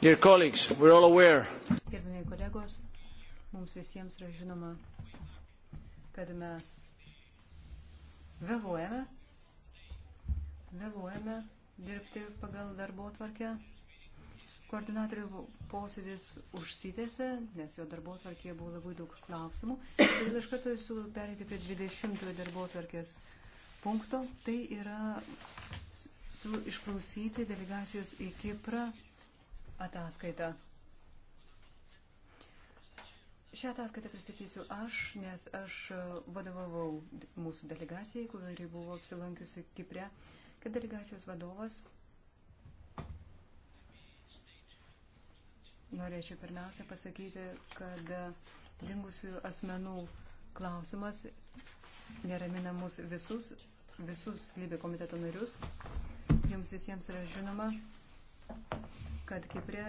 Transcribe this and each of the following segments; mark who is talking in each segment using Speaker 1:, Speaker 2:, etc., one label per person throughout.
Speaker 1: Dear colleagues, we're all aware.
Speaker 2: Gerbėmiai kolegos, mums visiems yra žinoma, kad mes vėluojame, vėluojame dirbti pagal darbo tvarkę. Koordinatorių posėdis užsitėse, nes jo darbo tvarkėje buvo labai daug klausimų. Todėl iš karto siūlau perėti prie 20 darbo tvarkės punkto. Tai yra su, išklausyti delegacijos į Kiprą ataskaitą. Šią ataskaitą pristatysiu aš, nes aš vadovavau mūsų delegacijai, kuri buvo apsilankiusi Kipre, kad delegacijos vadovas. Norėčiau pirmiausia pasakyti, kad dingusių asmenų klausimas neramina mus visus, visus Libė komiteto narius. Jums visiems yra žinoma, kad Kiprė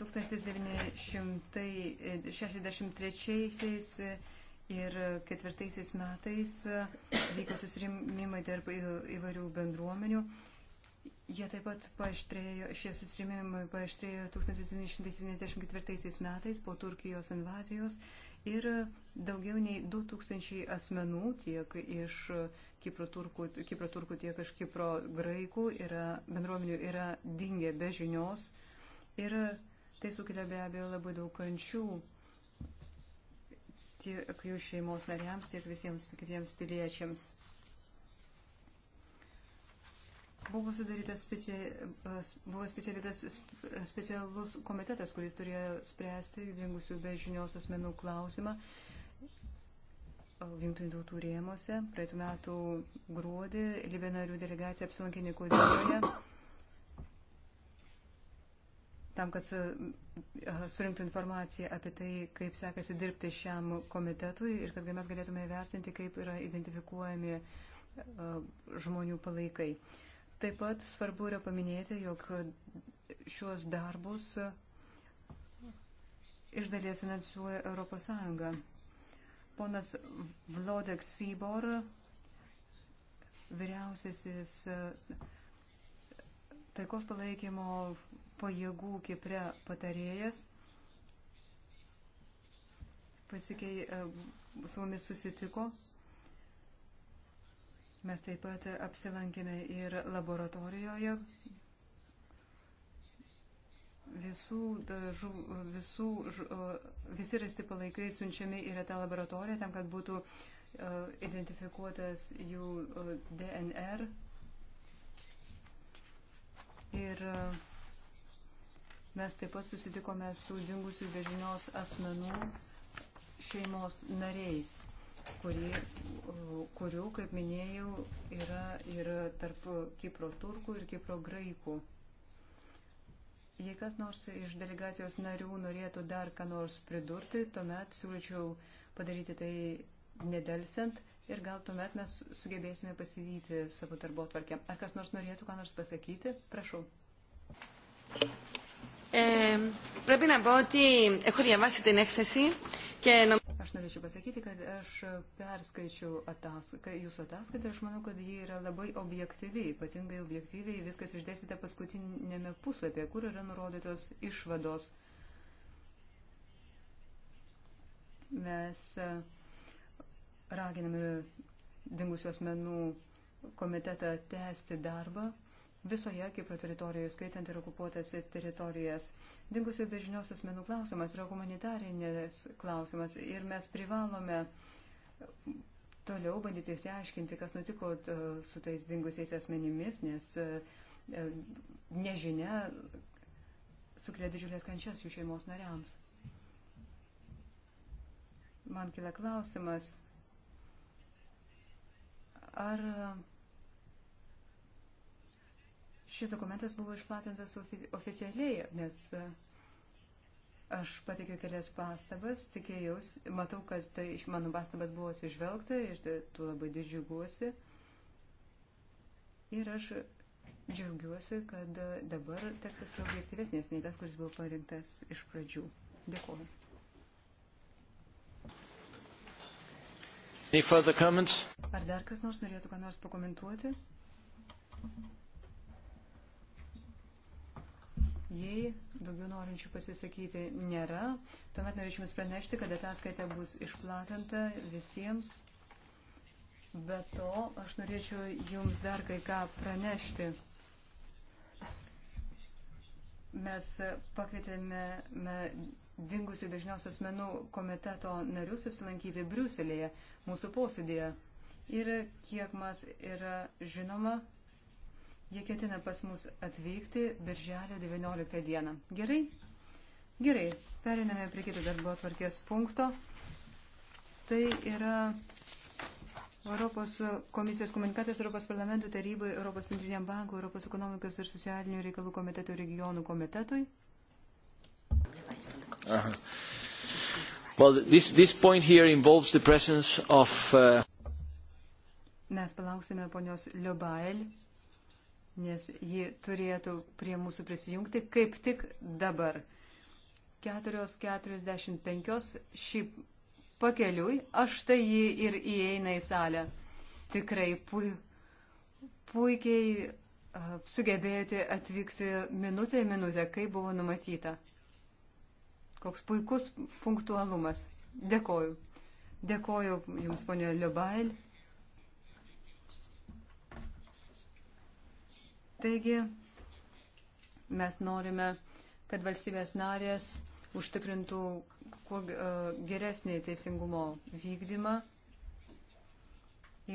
Speaker 2: 1963 ir 1904 metais vyko susirimimai tarp įvairių bendruomenių. Jie taip pat paštrėjo, šie susirimimai paštrėjo 1974 metais po Turkijos invazijos ir daugiau nei 2000 asmenų tiek iš Kipro turkų, Kipro turkų tiek iš Kipro graikų yra, bendruomenių yra dingę be žinios ir tai sukelia be abejo labai daug kančių tiek jų šeimos nariams, tiek visiems kitiems piliečiams. Buvo sudarytas specia, e, buvo specialitas specialus komitetas, kuris turėjo spręsti dingusių be žinios asmenų klausimą. Junktinių tautų rėmose praeitų metų gruodį Libenarių delegacija apsilankė Nikodijoje tam, kad e, surinktų informaciją apie tai, kaip sekasi dirbti šiam komitetui ir kad mes galėtume įvertinti, kaip yra identifikuojami e, žmonių palaikai. Uh, Taip pat svarbu yra paminėti, jog šios darbus iš dalies finansuoja ES. Ponas Vlodek Sybor, vyriausiasis e, taikos palaikymo pajėgų Kipre patarėjas, pasikei, e, su mumis susitiko Mes taip pat apsilankėme ir laboratorijoje visų, žu, visų, žu, visi rasti palaikai siunčiami yra tą laboratoriją tam, kad būtų identifikuotas jų DNR. Ir mes taip pat susitikome su dingusių vežinios asmenų šeimos nariais kuri, kurių, kaip minėjau, yra ir tarp Kipro turkų ir Kipro graikų. Jei kas nors iš delegacijos narių norėtų dar ką nors pridurti, tuomet siūlyčiau padaryti tai nedelsiant ir gal tuomet mes sugebėsime pasivyti savo darbo tvarkę. Ar kas nors norėtų ką nors pasakyti? Prašau. Ε, πρέπει να πω ότι έχω διαβάσει την έκθεση και νομίζω norėčiau pasakyti, kad aš perskaičiau ataskaitą, jūsų ataskaitą ir aš manau, kad ji yra labai objektyviai, ypatingai objektyviai viskas išdėstyta paskutinėme puslapyje, kur yra nurodytos išvados. Mes raginame dingusių asmenų komitetą tęsti darbą visoje Kipro teritorijoje, skaitant ir okupuotas teritorijas. Dingusių bežinios asmenų klausimas yra humanitarinės klausimas ir mes privalome toliau bandyti įsiaiškinti, kas nutiko su tais dingusiais asmenimis, nes e, e, nežinia sukelia didžiulės kančias jų šeimos nariams. Man kila klausimas, ar šis dokumentas buvo išplatintas ofi oficialiai, nes e, aš pateikiu kelias pastabas, tikėjaus, matau, kad tai iš mano pastabas buvo atsižvelgta ir tu labai didžiuguosi. Ir aš džiaugiuosi, kad e, dabar tekstas yra objektyvesnės nei tas, kuris buvo parinktas iš pradžių. Dėkuoju.
Speaker 1: Ar
Speaker 2: dar kas nors norėtų ką nors pakomentuoti? Jei daugiau norinčių pasisakyti nėra, tuomet norėčiau Jums pranešti, kad ataskaita bus išplatinta visiems. Be to, aš norėčiau Jums dar kai ką pranešti. Mes pakvietėme dingusių bežnios asmenų komiteto narius apsilankyti Briuselėje mūsų posėdėje. Ir kiek mas yra žinoma, Jie ketina pas mus atvykti birželio 19 dieną. Gerai? Gerai, periname prie kito darbo atvarkės punkto. Tai yra Europos komisijos komunikatas Europos parlamentų tarybai, Europos centriniam bankui, Europos ekonomikos ir socialinių reikalų komitetų regionų komitetui.
Speaker 1: Aha. Well, this, this point here involves the presence of. Uh...
Speaker 2: Mes palauksime ponios Liobael nes ji turėtų prie mūsų prisijungti kaip tik dabar. 4.45 šį pakeliui, aš tai jį ir įeina į salę. Tikrai pui, puikiai sugebėjote atvykti minutę į minutę, kaip buvo numatyta. Koks puikus punktualumas. Dėkoju. Dėkoju Jums, ponė Liubail. Taigi, mes norime, kad valstybės narės užtikrintų kuo e, geresnį teisingumo vykdymą.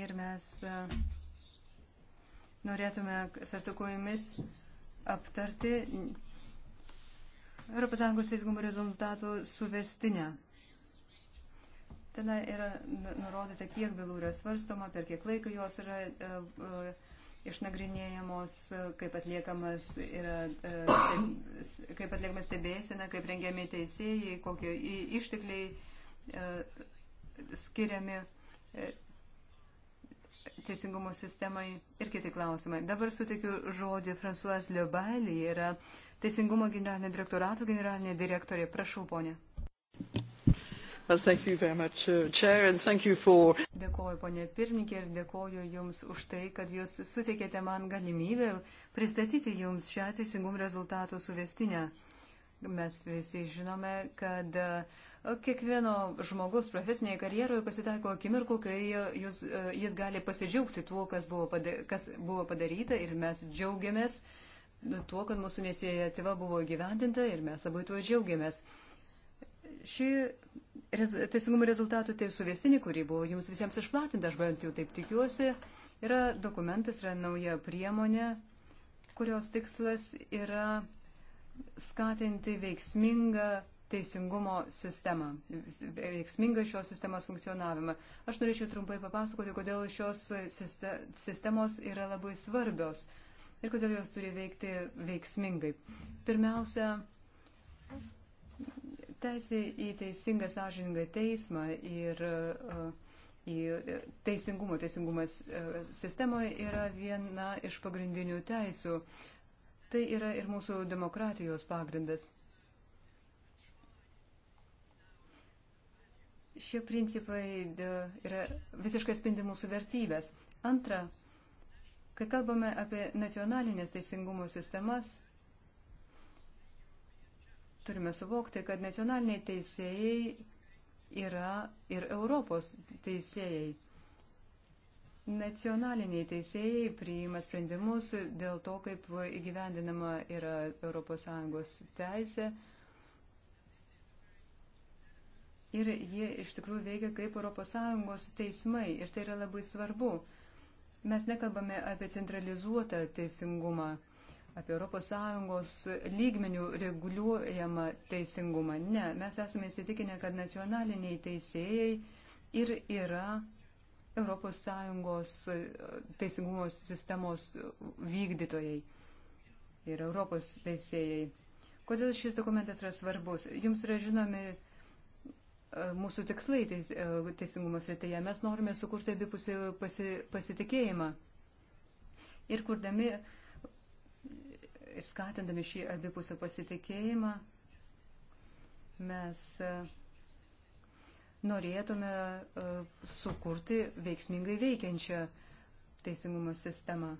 Speaker 2: Ir mes e, norėtume sartukojomis aptarti ES teisingumo rezultatų suvestinę. Ten yra nurodyta, kiek bylų yra svarstoma, per kiek laiko jos yra uh, uh, išnagrinėjamos, kaip atliekamas yra, e, kaip atliekama stebėsena, kaip rengiami teisėjai, kokie ištekliai e, skiriami e, teisingumo sistemai ir kiti klausimai. Dabar sutikiu žodį Fransuas Liobailį, yra teisingumo generalinio direktorato generalinė direktorė. Prašau, ponė. Uh, dėkoju, ponė pirmininkė, ir dėkoju Jums už tai, kad Jūs suteikėte man galimybę pristatyti Jums šią teisingumų rezultatų suvestinę. Mes visi žinome, kad uh, kiekvieno žmogus profesinėje karjeroje pasitaiko akimirkų, kai uh, jūs, jis gali pasidžiaugti tuo, kas buvo, pada, kas buvo padaryta ir mes džiaugiamės tuo, kad mūsų iniciatyva buvo gyvendinta ir mes labai tuo džiaugiamės ši rez, teisingumo rezultatų teisų vestinė, kuri buvo jums visiems išplatinta, aš bent jau taip tikiuosi, yra dokumentas, yra nauja priemonė, kurios tikslas yra skatinti veiksmingą teisingumo sistemą, veiksmingą šios sistemos funkcionavimą. Aš norėčiau trumpai papasakoti, kodėl šios sistemos yra labai svarbios ir kodėl jos turi veikti veiksmingai. Pirmiausia, Teisė į teisingą sąžiningą teismą ir e, į teisingumo, teisingumas e, sistemoje yra viena iš pagrindinių teisų. Tai yra ir mūsų demokratijos pagrindas. Šie principai e, yra visiškai spindi mūsų vertybės. Antra, kai kalbame apie nacionalinės teisingumo sistemas, turime suvokti, kad nacionaliniai teisėjai yra ir Europos teisėjai. Nacionaliniai teisėjai priima sprendimus dėl to, kaip įgyvendinama yra ES teisė. Ir jie iš tikrųjų veikia kaip ES teismai ir tai yra labai svarbu. Mes nekalbame apie centralizuotą teisingumą apie ES lygmenių reguliuojamą teisingumą. Ne, mes esame įsitikinę, kad nacionaliniai teisėjai ir yra ES e, teisingumo sistemos vykdytojai ir Europos teisėjai. Kodėl šis dokumentas yra svarbus? Jums yra žinomi e, mūsų tikslai teis, e, teisingumo srityje. Mes norime sukurti abipusį pasi, pasitikėjimą. Ir kurdami uh, ir skatindami šį abipusio pasitikėjimą mes e, norėtume e, sukurti veiksmingai veikiančią teisingumo sistemą.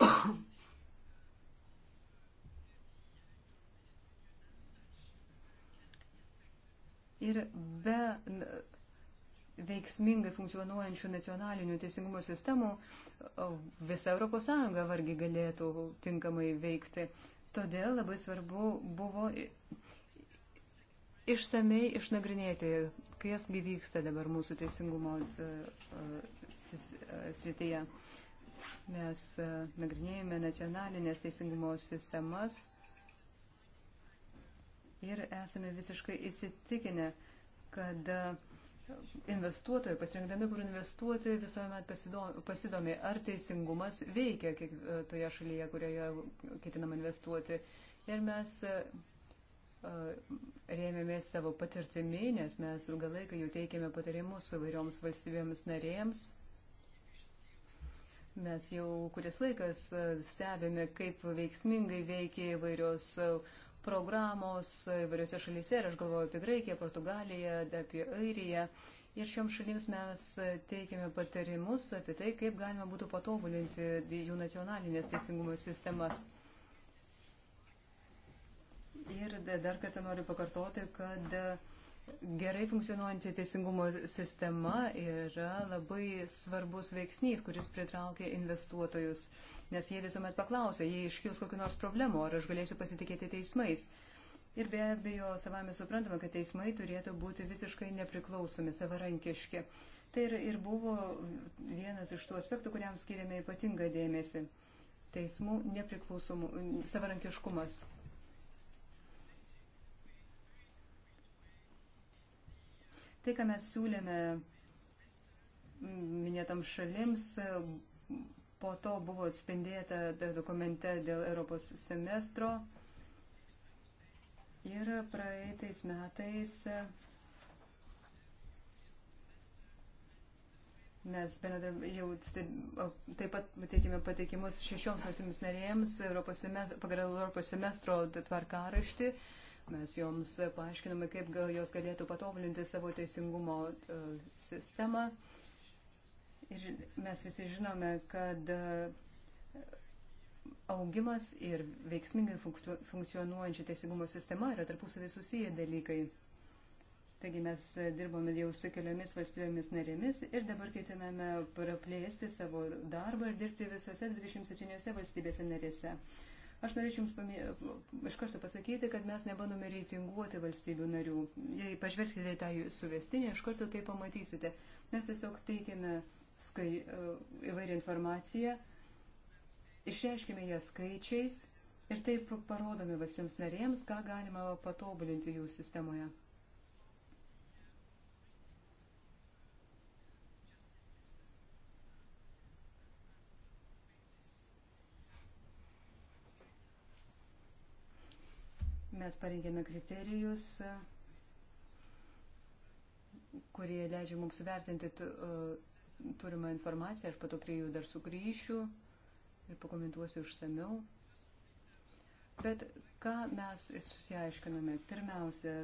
Speaker 2: Ir be veiksmingai funkcionuojančių nacionalinių teisingumo sistemų visa ES vargiai galėtų tinkamai veikti. Todėl labai svarbu buvo išsamei išnagrinėti, kas gyvyksta dabar mūsų teisingumo e, e, e, srityje. Mes nagrinėjame nacionalinės teisingumo sistemas ir esame visiškai įsitikinę, kad uh, investuotojai, pasirinkdami, kur investuoti, visuomet pasidomi, ar teisingumas veikia kiek, toje šalyje, kurioje ketinam investuoti. Ir mes e, rėmėmės savo patirtimi, nes mes ilgą laiką jau teikėme patarimus įvairioms valstybėms narėms. Mes jau kuris laikas e, stebėme, kaip veiksmingai veikia įvairios uh, programos įvairiose šalyse ir aš galvoju apie Graikiją, Portugaliją, apie Airiją. Ir šioms šalims mes teikiame patarimus apie tai, kaip galima būtų patobulinti jų nacionalinės teisingumo sistemas. Ir dar kartą noriu pakartoti, kad Gerai funkcionuojanti teisingumo sistema yra labai svarbus veiksnys, kuris pritraukia investuotojus, nes jie visuomet paklausia, jei iškils kokiu nors problemu, ar aš galėsiu pasitikėti teismais. Ir be abejo, savame suprantama, kad teismai turėtų būti visiškai nepriklausomi, savarankiški. Tai ir, ir buvo vienas iš tų aspektų, kuriam skiriame ypatingą dėmesį. Teismų nepriklausomų, savarankiškumas. Tai, ką mes siūlėme minėtam šalims, po to buvo atspindėta dokumente dėl Europos semestro. Ir praeitais metais mes jau taip pat pateikėme pateikimus šešioms valstybėms narėjams Europos semestro, pagal Europos semestro tvarkaraštį. Tai Mes joms paaiškiname, kaip jos galėtų patobulinti savo teisingumo e, sistemą. Ir mes visi žinome, kad e, augimas ir veiksmingai funkcionuojančia teisingumo sistema yra tarpusavį susiję dalykai. Taigi mes e, dirbome jau su keliomis valstybėmis narėmis ir dabar ketiname praplėsti savo darbą ir dirbti visose 27 valstybėse narėse. Aš norėčiau Jums pamė... iš karto pasakyti, kad mes nebandome reitinguoti valstybių narių. Jei pažvelgsite į tą suvestinį, iš karto tai pamatysite. Mes tiesiog teikiame skai... E, įvairią informaciją, išreiškime ją skaičiais ir taip parodome valstybėms narėms, ką galima patobulinti jų sistemoje. Mes parengėme kriterijus, kurie leidžia mums vertinti e, turimą informaciją. Aš pato prie jų dar sugrįšiu ir pakomentuosiu išsameu. Bet ką mes susiaiškinome? Pirmiausia,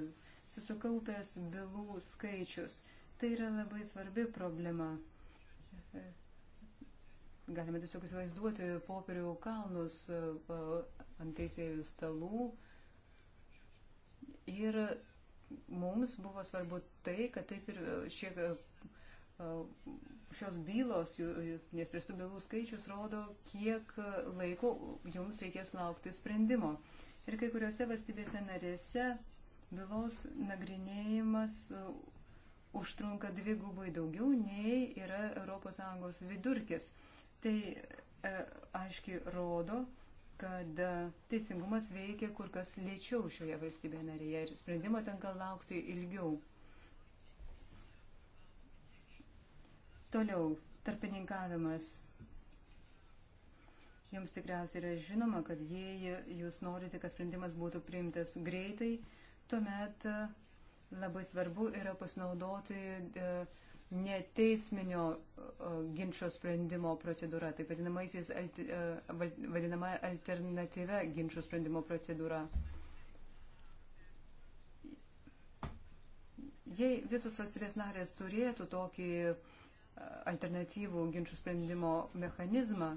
Speaker 2: susikaupęs bylų skaičius. Tai yra labai svarbi problema. Galime tiesiog įsivaizduoti popierių kalnus e, ant teisėjų stalų Ir mums buvo svarbu tai, kad taip ir e, šie, e, e, šios bylos, nes prie tų bylų skaičius rodo, kiek laiko jums reikės laukti sprendimo. Ir kai kuriuose valstybėse narėse bylos nagrinėjimas užtrunka dvi gubai daugiau nei yra ES vidurkis. Tai e, aiškiai rodo, kad teisingumas veikia kur kas lėčiau šioje valstybėje narėje ir sprendimo tenka laukti ilgiau. Toliau, tarpininkavimas. Jums tikriausiai yra žinoma, kad jei jūs norite, kad sprendimas būtų priimtas greitai, tuomet labai svarbu yra pasinaudoti uh, neteisminio e, ginčio sprendimo procedūra, taip e, vadinama alternatyvia ginčio sprendimo procedūra. Jei visos valstybės narės turėtų tokį e, alternatyvų ginčių sprendimo mechanizmą,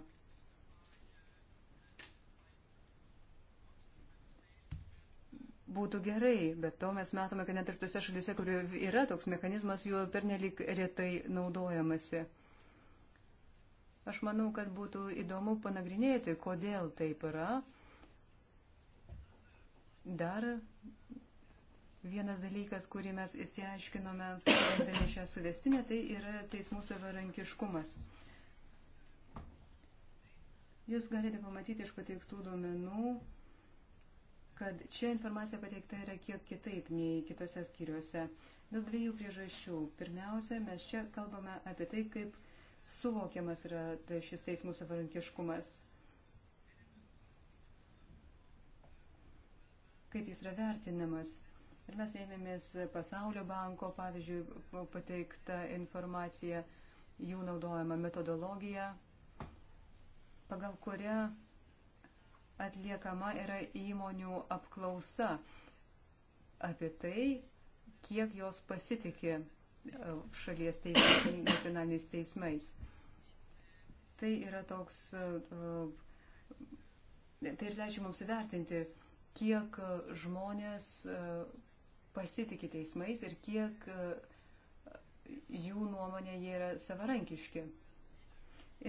Speaker 2: būtų gerai, bet to mes matome, kad net ir tose šalise, kur yra toks mechanizmas, juo pernelik retai naudojamasi. Aš manau, kad būtų įdomu panagrinėti, kodėl taip yra. Dar vienas dalykas, kurį mes įsiaiškinome, rengdami šią suvestinę, tai yra teismų savarankiškumas. Jūs galite pamatyti iš pateiktų duomenų, kad čia informacija pateikta yra kiek kitaip nei kitose skyriuose. Dėl dviejų priežasčių. Pirmiausia, mes čia kalbame apie tai, kaip suvokiamas yra tai šis teismų savarankiškumas. Kaip jis yra vertinamas. Ir mes rėmėmės Pasaulio banko, pavyzdžiui, pateiktą informaciją, jų naudojama metodologija, pagal kurią atliekama yra įmonių apklausa apie tai, kiek jos pasitikė e, šalies teisės, nacionaliniais teismais. Tai yra toks, e, e, tai ir leidžia mums įvertinti, kiek žmonės pasitikė teismais ir kiek jų nuomonė jie yra savarankiški.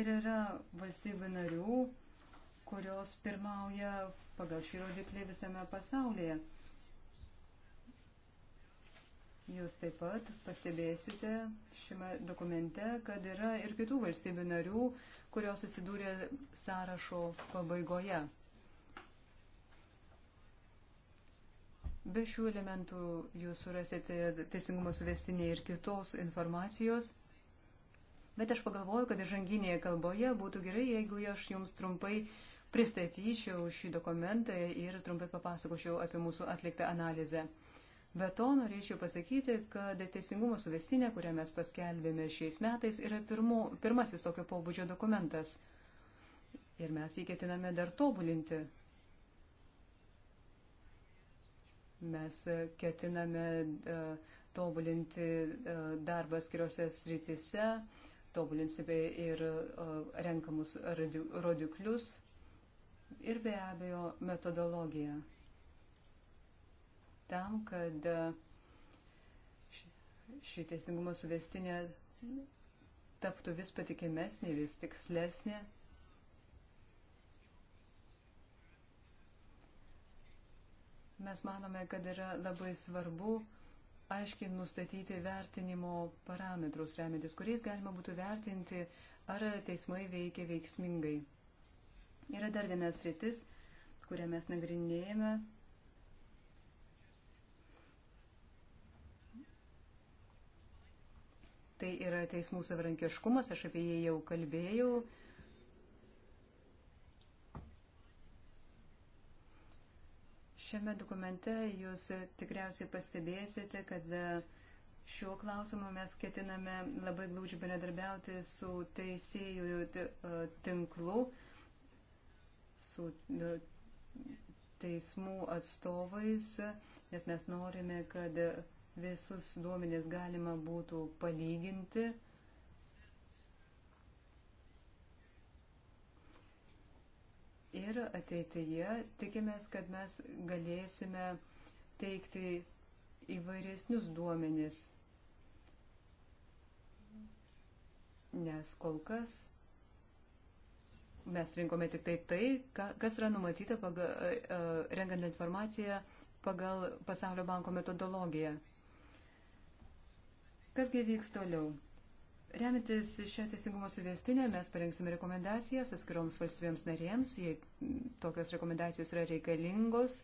Speaker 2: Ir yra valstybių narių, kurios pirmauja pagal šį rodiklį visame pasaulyje. Jūs taip pat pastebėsite šiame dokumente, kad yra ir kitų valstybių narių, kurios atsidūrė sąrašo pabaigoje. Be šių elementų jūs surasite teisingumo suvestinėje ir kitos informacijos. Bet aš pagalvoju, kad žanginėje kalboje būtų gerai, jeigu aš jums trumpai uh, pristatyčiau šį dokumentą ir trumpai papasakočiau apie mūsų atliktą analizę. Be to norėčiau pasakyti, kad teisingumo suvestinė, kurią mes paskelbėme šiais metais, yra pirmu, pirmasis tokio pobūdžio dokumentas. Ir mes jį ketiname dar tobulinti. Mes ketiname uh, tobulinti uh, darbą skiriuose srityse, tobulinsime ir uh, renkamus rodiklius, ir be abejo metodologiją tam, kad e, ši teisingumo suvestinė taptų vis patikimesnė, vis tikslesnė. Mes manome, kad yra labai svarbu aiškiai nustatyti vertinimo parametrus remintis, kuriais galima būtų vertinti, ar teismai veikia veiksmingai. Yra dar vienas rytis, kurią mes nagrinėjame. Tai yra teismų savarankiškumas, aš apie jį jau kalbėjau. Šiame dokumente jūs tikriausiai pastebėsite, kad šiuo klausimu mes ketiname labai glaudžiai bendradarbiauti su teisėjų e, tinklu su e, teismų atstovais, nes mes norime, kad visus duomenys galima būtų palyginti. Ir ateityje tikimės, kad mes galėsime teikti įvairesnius duomenys, nes kol kas Mes rinkome tik tai tai, kas yra numatyta pagal, rengant informaciją pagal Pasaulio banko metodologiją. Kasgi vyks toliau? Remintis šią teisingumo suvestinę, mes parengsime rekomendacijas atskiroms valstybėms narėms, jei tokios rekomendacijos yra reikalingos.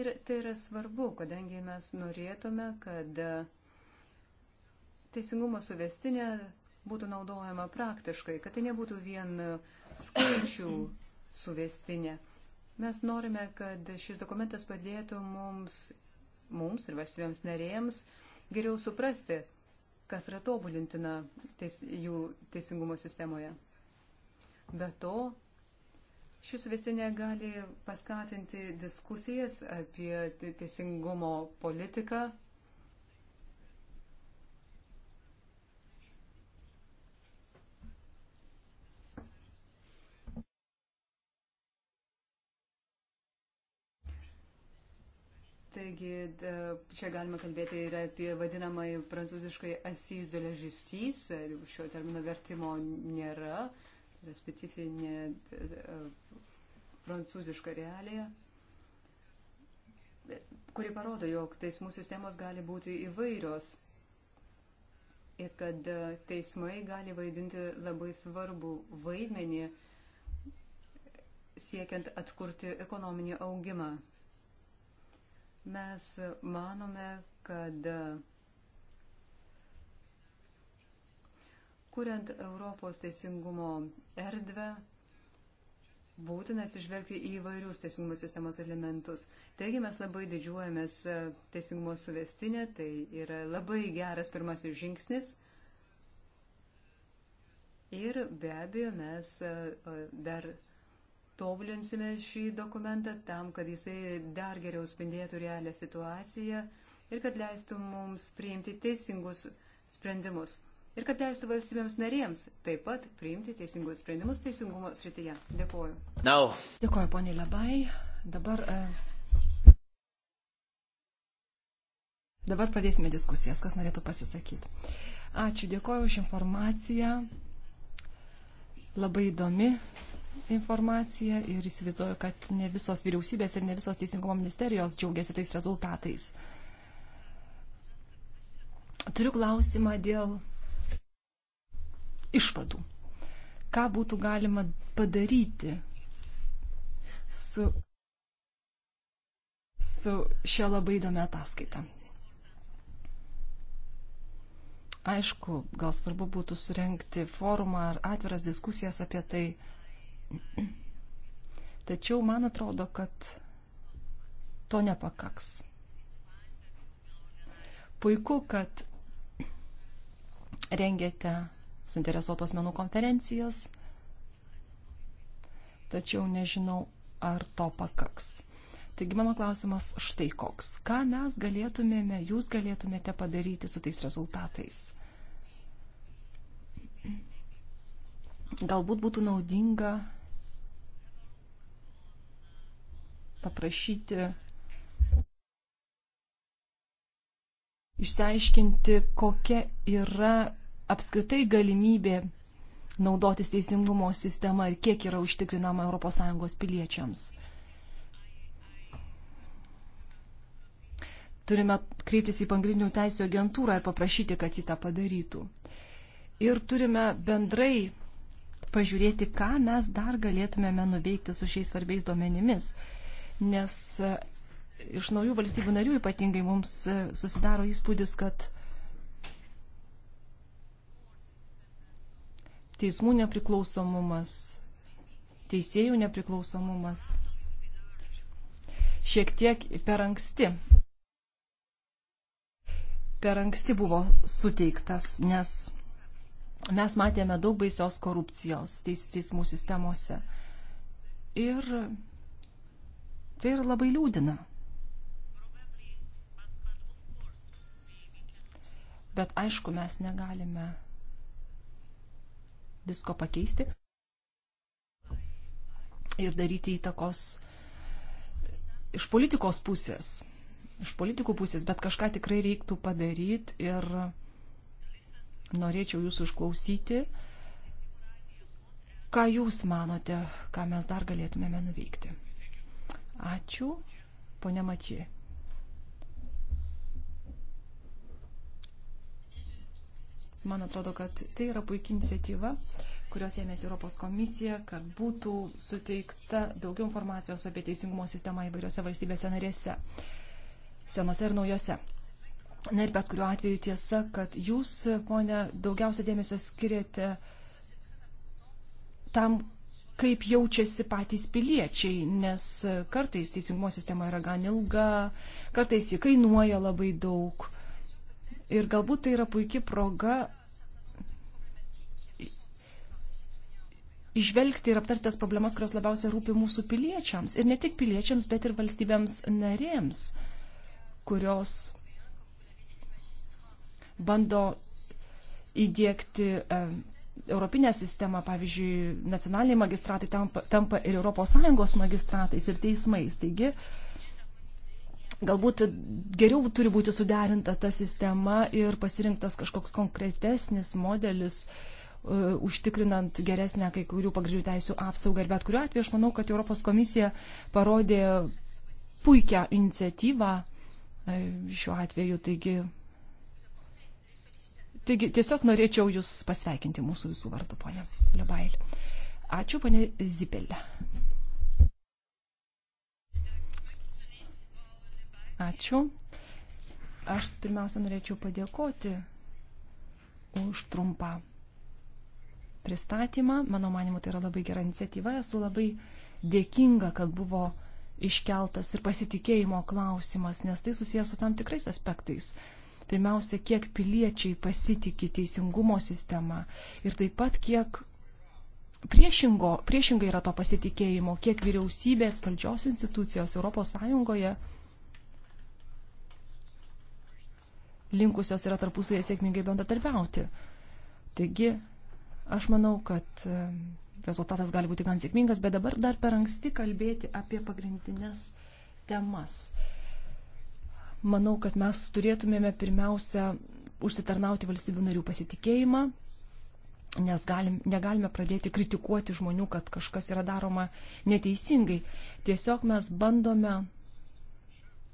Speaker 2: Ir tai yra svarbu, kadangi mes norėtume, kad teisingumo suvestinė būtų naudojama praktiškai, kad tai nebūtų vien skaičių suvestinė. Mes norime, kad šis dokumentas padėtų mums, mums ir valstybėms narėjams geriau suprasti, kas yra tobulintina teis, jų teisingumo sistemoje. Be to, ši suvestinė gali paskatinti diskusijas apie teisingumo politiką Taigi e, čia galima kalbėti ir apie vadinamąjį prancūziškai asys de la justice, e, šio termino vertimo nėra, yra specifinė e, prancūziška realija, kuri parodo, jog teismų sistemos gali būti įvairios ir kad teismai gali vaidinti labai svarbų vaidmenį siekiant atkurti ekonominį augimą Mes manome, kad e, kuriant Europos teisingumo erdvę, būtina atsižvelgti į įvairius teisingumo sistemos elementus. Taigi mes labai didžiuojamės e, teisingumo suvestinė, tai yra labai geras pirmasis žingsnis. Ir be abejo mes e, dar tobulinsime šį dokumentą tam, kad jisai dar geriau spindėtų realią situaciją ir kad leistų mums priimti teisingus sprendimus. Ir kad leistų valstybėms narėms taip pat priimti teisingus sprendimus teisingumo srityje. Dėkuoju.
Speaker 1: No. Dėkuoju, poniai Labai. Dabar, e... dabar pradėsime diskusijas, kas norėtų pasisakyti. Ačiū, dėkuoju už informaciją. Labai įdomi informaciją ir įsivaizduoju, kad ne visos vyriausybės ir ne visos teisingumo ministerijos džiaugiasi tais rezultatais. Turiu klausimą dėl išvadų. Ką būtų galima padaryti su, su šia labai įdomia ataskaita? Aišku, gal svarbu būtų surenkti forumą ar atviras diskusijas apie tai, Tačiau man atrodo, kad to nepakaks. Puiku, kad rengėte suinteresuotos menų konferencijas, tačiau nežinau, ar to pakaks. Taigi mano klausimas štai koks. Ką mes galėtumėme, jūs galėtumėte padaryti su tais rezultatais? Galbūt būtų naudinga paprašyti išsiaiškinti, kokia yra apskritai galimybė naudotis teisingumo sistema ir kiek yra užtikrinama ES piliečiams. Turime kreiptis į pagrindinių teisų agentūrą ir paprašyti, kad ji tą padarytų. Ir turime bendrai pažiūrėti, ką mes dar galėtumėme nuveikti su šiais svarbiais duomenimis nes e, iš naujų valstybių narių ypatingai mums e, susidaro įspūdis, kad teismų nepriklausomumas, teisėjų nepriklausomumas šiek tiek per anksti. Per anksti buvo suteiktas, nes mes matėme daug baisios korupcijos teis, teismų sistemose. Ir Tai yra labai liūdina. Bet aišku, mes negalime visko pakeisti ir daryti įtakos iš politikos pusės, iš politikų pusės, bet kažką tikrai reiktų padaryti ir norėčiau jūsų išklausyti, ką jūs manote, ką mes dar galėtumėme nuveikti. Ačiū, ponia Mačiai. Man atrodo, kad tai yra puikia iniciatyva, kurios ėmėsi Europos komisija, kad būtų suteikta daugiau informacijos apie teisingumo sistemą įvairiose valstybėse narėse, senose ir naujose. Na ir bet kuriuo atveju tiesa, kad jūs, ponė, daugiausia dėmesio skiriate tam, kaip jaučiasi patys piliečiai, nes kartais teisingumo sistema yra gan ilga, kartais ji kainuoja labai daug. Ir galbūt tai yra puikia proga išvelgti ir aptarti tas problemas, kurios labiausiai rūpi mūsų piliečiams. Ir ne tik piliečiams, bet ir valstybėms narėms, kurios bando įdėkti europinę sistemą, pavyzdžiui, nacionaliniai magistratai tampa, tampa ir ES magistratais ir teismais. Taigi, galbūt geriau turi būti suderinta ta sistema ir pasirinktas kažkoks konkretesnis modelis, uh, užtikrinant geresnę kai kurių pagrindinių teisų apsaugą. Ir bet kuriuo atveju aš manau, kad Europos komisija parodė puikią iniciatyvą e, šiuo atveju. Taigi, Taigi tiesiog norėčiau Jūs pasveikinti mūsų visų vardu, ponė Liubail. Ačiū, ponė Zipelė. Ačiū. Aš pirmiausia norėčiau padėkoti už trumpą pristatymą. Mano manimu, tai yra labai gera iniciatyva. Esu labai dėkinga, kad buvo iškeltas ir pasitikėjimo klausimas, nes tai susijęs su tam tikrais aspektais pirmiausia, kiek piliečiai pasitikė teisingumo sistema ir taip pat kiek priešingo, priešingai yra to pasitikėjimo, kiek vyriausybės, valdžios institucijos ES linkusios yra tarpusai sėkmingai bendradarbiauti. Taigi, aš manau, kad e, rezultatas gali būti gan sėkmingas, bet dabar dar per anksti kalbėti apie pagrindinės temas manau, kad mes turėtumėme pirmiausia užsitarnauti valstybių narių pasitikėjimą, nes galim, negalime pradėti kritikuoti žmonių, kad kažkas yra daroma neteisingai. Tiesiog mes bandome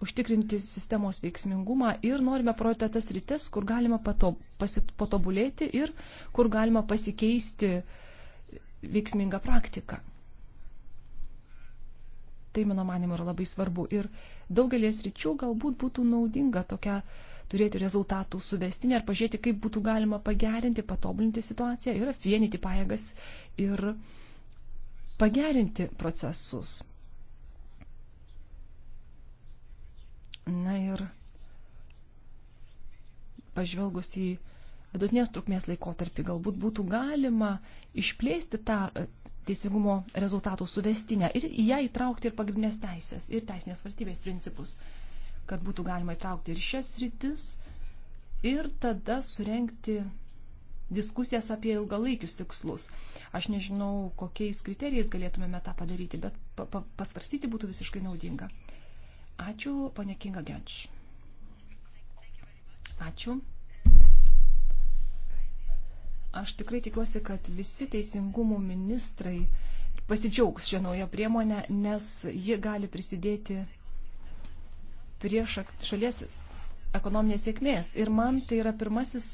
Speaker 1: užtikrinti sistemos veiksmingumą ir norime projektuoti tas rytis, kur galima pato, pasit, patobulėti ir kur galima pasikeisti veiksmingą praktiką. Tai, mano manimu, yra labai svarbu. Ir daugelės ryčių galbūt būtų naudinga tokia turėti rezultatų suvestinę ir pažiūrėti, kaip būtų galima pagerinti, patobulinti situaciją ir vienyti pajėgas ir pagerinti procesus. Na ir pažvelgus į vidutinės trukmės laikotarpį, galbūt būtų galima išplėsti tą teisingumo rezultatų suvestinę ir į ją įtraukti ir pagrindinės teisės ir teisinės valstybės principus, kad būtų galima įtraukti ir šias rytis ir tada surenkti diskusijas apie ilgalaikius tikslus. Aš nežinau, kokiais kriterijais galėtumėme tą padaryti, bet pa pa pasvarstyti būtų visiškai naudinga. Ačiū, ponė Kinga Genč. Ačiū. Aš tikrai tikiuosi, kad visi teisingumų ministrai pasidžiaugs šią naują priemonę, nes ji gali prisidėti prie šalies ekonominės sėkmės. Ir man tai yra pirmasis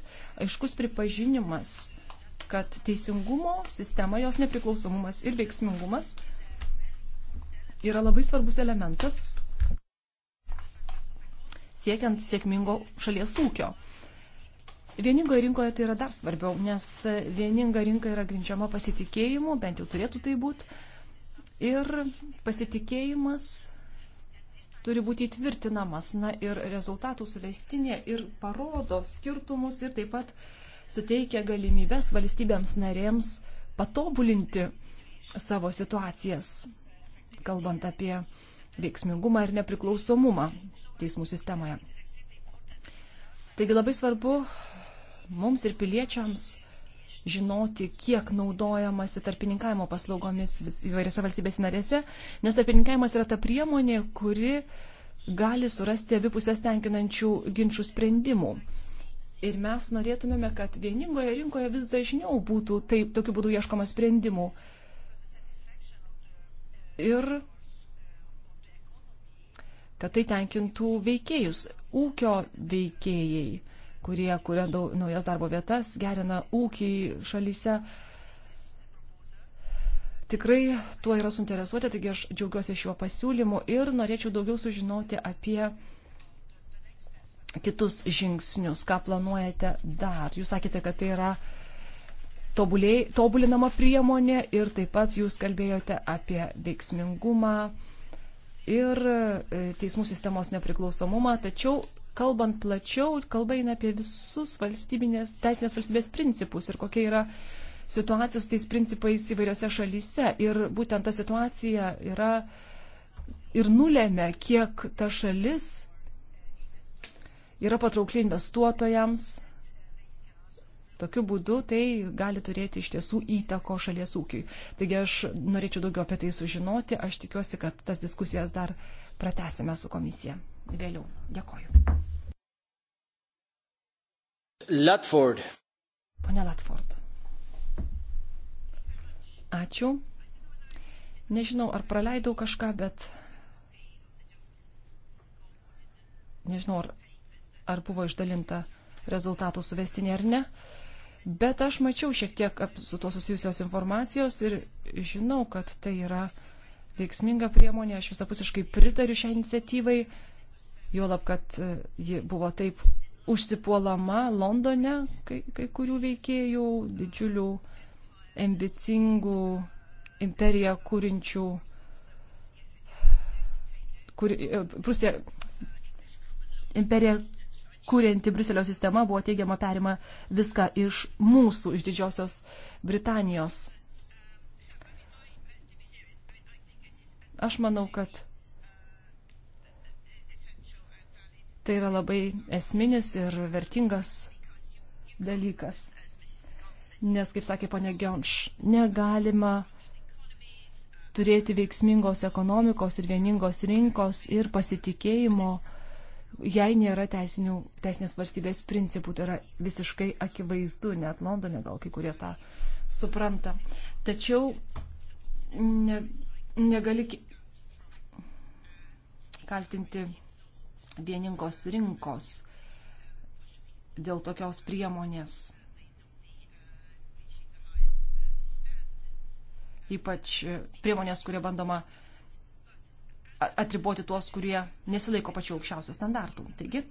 Speaker 1: aiškus pripažinimas, kad teisingumo sistema, jos nepriklausomumas ir veiksmingumas yra labai svarbus elementas siekiant sėkmingo šalies ūkio. Vieningoje rinkoje tai yra dar svarbiau, nes vieninga rinka yra grindžiama pasitikėjimu, bent jau turėtų tai būti. Ir pasitikėjimas turi būti įtvirtinamas. Na ir rezultatų suvestinė ir parodo skirtumus ir taip pat suteikia galimybės valstybėms narėms patobulinti savo situacijas, kalbant apie veiksmingumą ir nepriklausomumą teismų sistemoje. Taigi labai svarbu mums ir piliečiams žinoti, kiek naudojamasi tarpininkavimo paslaugomis įvairiose valstybės narėse, nes tarpininkavimas yra ta priemonė, kuri gali surasti abipusės tenkinančių ginčių sprendimų. Ir mes norėtumėme, kad vieningoje rinkoje vis dažniau būtų taip, tokiu būdu ieškoma sprendimų. Ir kad tai tenkintų veikėjus, ūkio veikėjai kurie kuria daug, naujas darbo vietas, gerina ūkį šalyse. Tikrai tuo yra suinteresuoti, taigi aš džiaugiuosi šiuo pasiūlymu ir norėčiau daugiau sužinoti apie kitus žingsnius, ką planuojate dar. Jūs sakėte, kad tai yra tobulėj, tobulinama priemonė ir taip pat jūs kalbėjote apie veiksmingumą ir e, teismų sistemos nepriklausomumą, tačiau kalbant plačiau, kalba eina apie visus valstybinės, teisinės valstybės principus ir kokia yra situacija su tais principais įvairiose šalyse. Ir būtent ta situacija yra ir nulėmė, kiek ta šalis yra patraukli investuotojams. Tokiu būdu tai gali turėti iš tiesų įtako šalies ūkiui. Taigi aš norėčiau daugiau apie tai sužinoti. Aš tikiuosi, kad tas diskusijas dar pratesime su komisija vėliau. Dėkoju. Latford. Pone Latford. Ačiū. Nežinau, ar praleidau kažką, bet. Nežinau, ar, ar buvo išdalinta rezultatų suvestinė ar ne. Bet aš mačiau šiek tiek su tuo susijusios informacijos ir žinau, kad tai yra veiksminga priemonė. Aš visapusiškai pritariu šią iniciatyvai juolab, kad e, ji buvo taip užsipuolama Londone, kai, kai kurių veikėjų, didžiulių, ambicingų, imperiją kūrinčių, kur, e, Prusija, imperija kūrinti Briuselio sistema buvo teigiama perima viską iš mūsų, iš Didžiosios Britanijos. Aš manau, kad Tai yra labai esminis ir vertingas dalykas. Nes, kaip sakė ponė Gionš, negalima turėti veiksmingos ekonomikos ir vieningos rinkos ir pasitikėjimo, jei nėra teisinių, teisinės valstybės principų. Tai yra visiškai akivaizdu, net Londone gal kai kurie tą supranta. Tačiau ne, negali kaltinti vieningos rinkos dėl tokios priemonės. Ypač priemonės, kurie bandoma atriboti tuos, kurie nesilaiko pačių aukščiausių standartų. Taigi,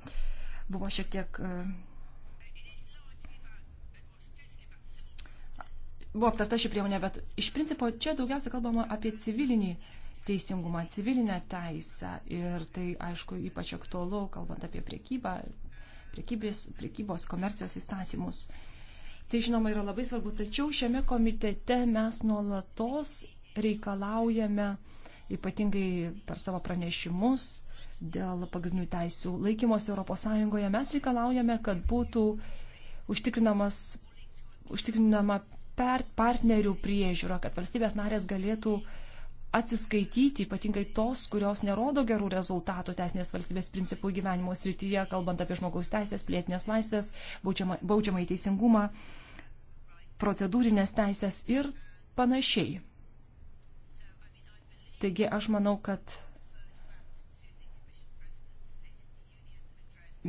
Speaker 1: buvo šiek tiek e, buvo aptarta ši priemonė, bet iš principo čia daugiausia kalbama apie civilinį teisingumą, civilinę teisę. Ir tai, aišku, ypač aktualu, kalbant apie priekybą, priekybės, priekybos komercijos įstatymus. Tai, žinoma, yra labai svarbu. Tačiau šiame komitete mes nuolatos reikalaujame, ypatingai per savo pranešimus, dėl pagrindinių teisių laikymosi ES, mes reikalaujame, kad būtų užtikrinama per partnerių priežiūra, kad valstybės narės galėtų uh, atsiskaityti, ypatingai tos, kurios nerodo gerų rezultatų teisinės valstybės principų gyvenimo srityje, kalbant apie žmogaus teisės, plėtinės laisvės, baudžiamą, baudžiamą į teisingumą, procedūrinės teisės ir panašiai. Taigi aš manau, kad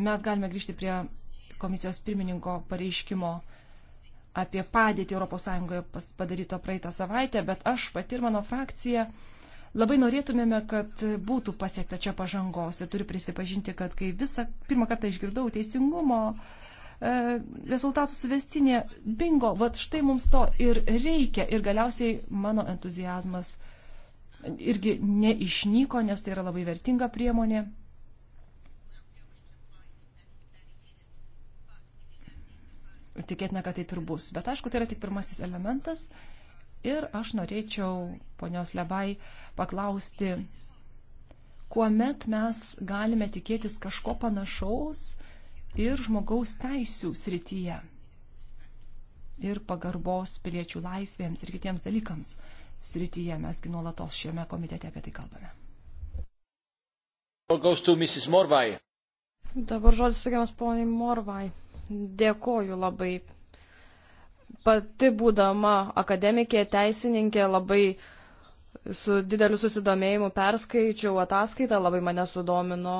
Speaker 1: mes galime grįžti prie komisijos pirmininko pareiškimo apie padėtį ES padaryto praeitą savaitę, bet aš pati ir mano frakcija labai norėtumėme, kad būtų pasiekta čia pažangos. Ir turiu prisipažinti, kad kai visą pirmą kartą išgirdau teisingumo e, rezultatų suvestinė, bingo, vat štai mums to ir reikia. Ir galiausiai mano entuzijazmas irgi neišnyko, nes tai yra labai vertinga priemonė. tikėtina, kad taip ir bus. Bet aišku, tai yra tik pirmasis elementas. Ir aš norėčiau ponios Lebai paklausti, kuomet mes galime tikėtis kažko panašaus ir žmogaus teisų srityje. Ir pagarbos piliečių laisvėms ir kitiems dalykams srityje. Mesgi nuolatos šiame komitete apie tai kalbame.
Speaker 3: Dabar žodis sugiamas poniai Morvai. Dėkoju labai. Pati būdama akademikė, teisininkė, labai su dideliu susidomėjimu perskaičiau ataskaitą, labai mane sudomino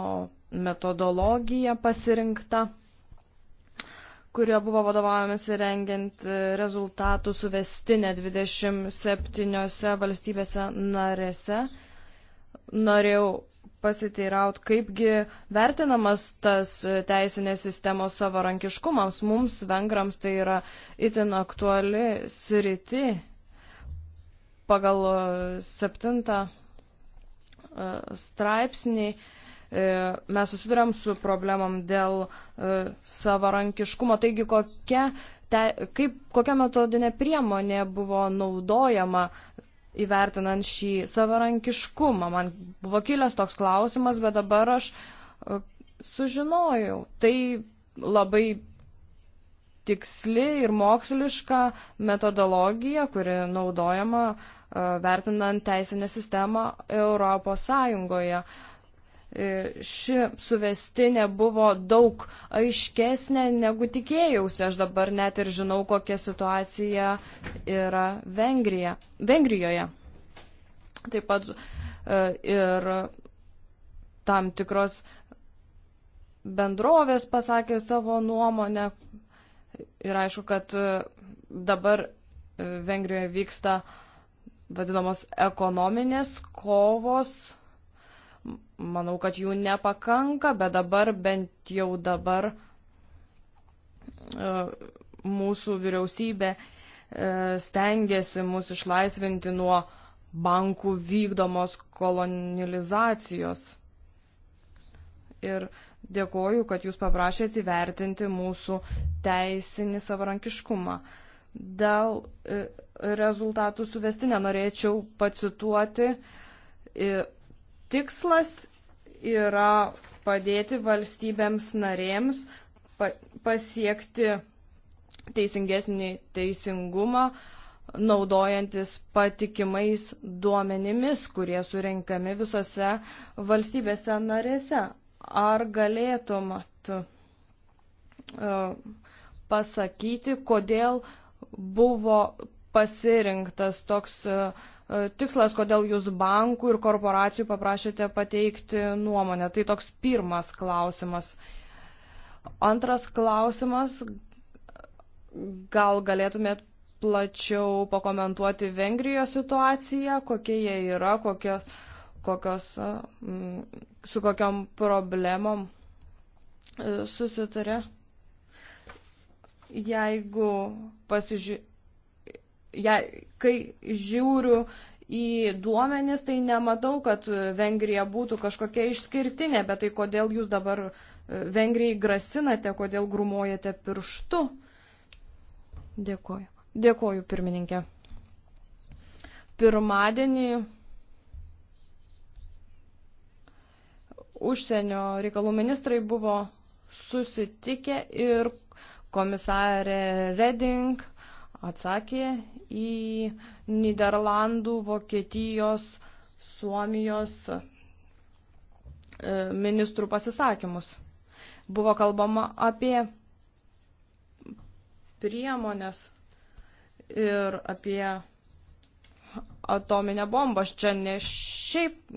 Speaker 3: metodologija pasirinkta, kurio buvo vadovavimas rengiant rezultatų suvestinę 27 valstybėse narėse. Norėjau pasiteiraut, kaipgi vertinamas tas e, teisinės sistemos savarankiškumams. Mums, vengrams, tai yra itin aktuali sriti pagal e, septintą e, straipsnį. Mes susidurėm su problemam dėl savarankiškumo. Taigi, kokia, te, kaip, kokia metodinė priemonė buvo naudojama įvertinant šį savarankiškumą. Man buvo kilęs toks klausimas, bet dabar aš e, sužinojau. Tai labai tiksli ir moksliška metodologija, kuri naudojama e, vertinant teisinę sistemą Europos Sąjungoje. Uh, E, ši suvestinė buvo daug aiškesnė negu tikėjausi. Aš dabar net ir žinau, kokia situacija yra Vengrija, Vengrijoje. Taip pat e, ir tam tikros bendrovės pasakė savo nuomonę. Ir aišku, kad e, dabar Vengrijoje vyksta vadinamos ekonominės kovos Manau, kad jų nepakanka, bet dabar bent jau dabar e, mūsų vyriausybė e, stengiasi mus išlaisvinti nuo bankų vykdomos kolonizacijos. Ir dėkoju, kad jūs paprašėte įvertinti mūsų teisinį savarankiškumą. Dėl e, rezultatų suvestinę norėčiau pacituoti Tikslas yra padėti valstybėms narėms pasiekti teisingesnį teisingumą, naudojantis patikimais duomenimis, kurie surinkami visose valstybėse narėse. Ar galėtumėt uh, pasakyti, kodėl buvo pasirinktas toks uh, E, tikslas, kodėl jūs bankų ir korporacijų paprašėte pateikti nuomonę. Tai toks pirmas klausimas. Antras klausimas, gal galėtumėt plačiau pakomentuoti Vengrijos situaciją, kokie jie yra, kokio, kokios, e, su kokiam problemom e, susitarė. Jeigu pasižiūrėtume ja, kai žiūriu į duomenis, tai nematau, kad Vengrija būtų kažkokia išskirtinė, bet tai kodėl jūs dabar e, Vengrijai grasinate, kodėl grumojate pirštu? Dėkoju. Dėkoju, pirmininkė. Pirmadienį užsienio reikalų ministrai buvo susitikę ir komisarė Reding atsakė į Niderlandų, Vokietijos, Suomijos e, ministrų pasisakymus. Buvo kalbama apie priemonės ir apie atominę bombą. Aš čia ne šiaip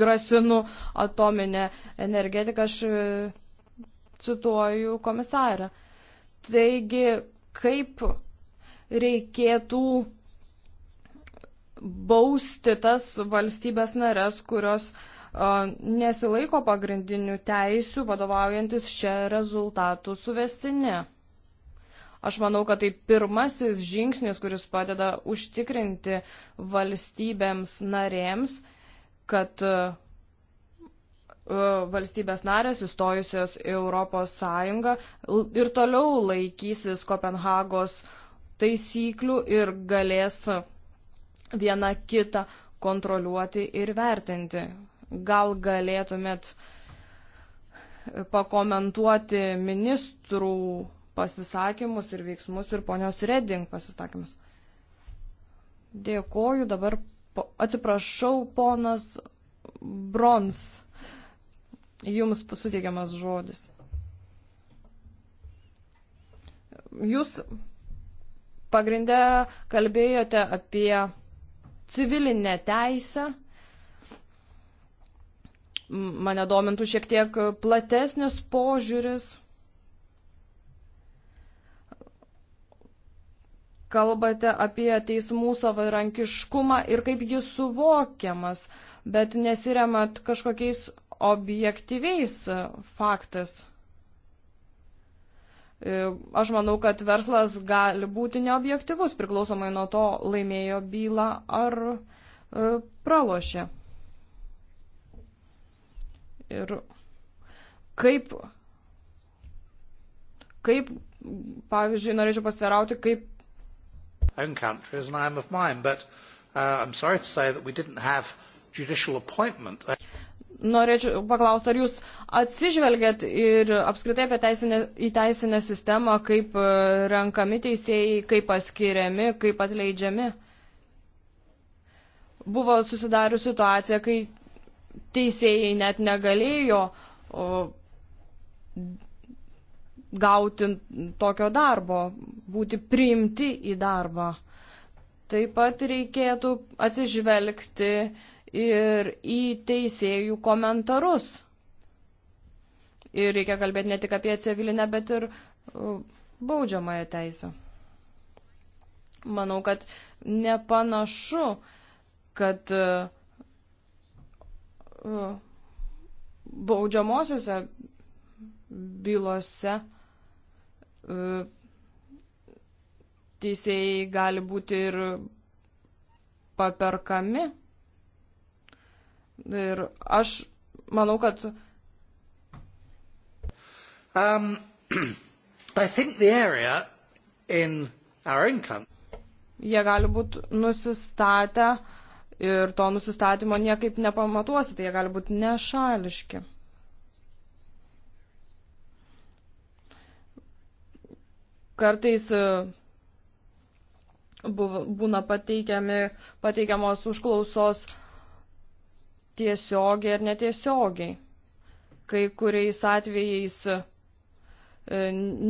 Speaker 3: grasinu atominę energetiką, aš e, cituoju komisarą. Taigi, kaip reikėtų bausti tas valstybės narės, kurios uh, nesilaiko pagrindinių teisių, vadovaujantis čia rezultatų suvestinė. Aš manau, kad tai pirmasis žingsnis, kuris padeda užtikrinti valstybėms narėms, kad uh, valstybės narės įstojusios Europos Sąjungą ir toliau laikysis Kopenhagos uh, taisyklių ir galės viena kitą kontroliuoti ir vertinti. Gal galėtumėt pakomentuoti ministrų pasisakymus ir veiksmus ir ponios Reding pasisakymus. Dėkoju, dabar po, atsiprašau, ponas Brons, jums suteikiamas žodis. Jūs pagrindę kalbėjote apie civilinę teisę. Mane domintų šiek tiek platesnis požiūris. Kalbate apie teismų savarankiškumą ir kaip jis suvokiamas, bet nesiremat kažkokiais objektyviais faktas. E, aš manau, kad verslas gali būti neobjektivus, priklausomai nuo to laimėjo bylą ar e, pralošė. Ir kaip, kaip, pavyzdžiui, norėčiau pasiteirauti, kaip. Own countries, and I am of mine, but uh, I'm sorry to say that we didn't have judicial appointment norėčiau paklausti, ar jūs atsižvelgiat ir apskritai apie teisinę, į teisinę sistemą, kaip e, renkami teisėjai, kaip paskiriami, kaip atleidžiami? Buvo susidarius situacija, kai teisėjai net negalėjo o, gauti tokio darbo, būti priimti į darbą. Taip pat reikėtų atsižvelgti uh, ir į teisėjų komentarus. Ir reikia kalbėti ne tik apie civilinę, bet ir uh, baudžiamąją teisę. Manau, kad nepanašu, kad uh, baudžiamosiose bylose uh, teisėjai gali būti ir paperkami Ir aš manau, kad. Um, I think the area in our income. Jie gali būti nusistatę ir to nusistatymo niekaip nepamatuosi, tai jie gali būti nešališki. Kartais e, būna pateikiami, pateikiamos užklausos tiesiogiai ar netiesiogiai. Kai kuriais atvejais e,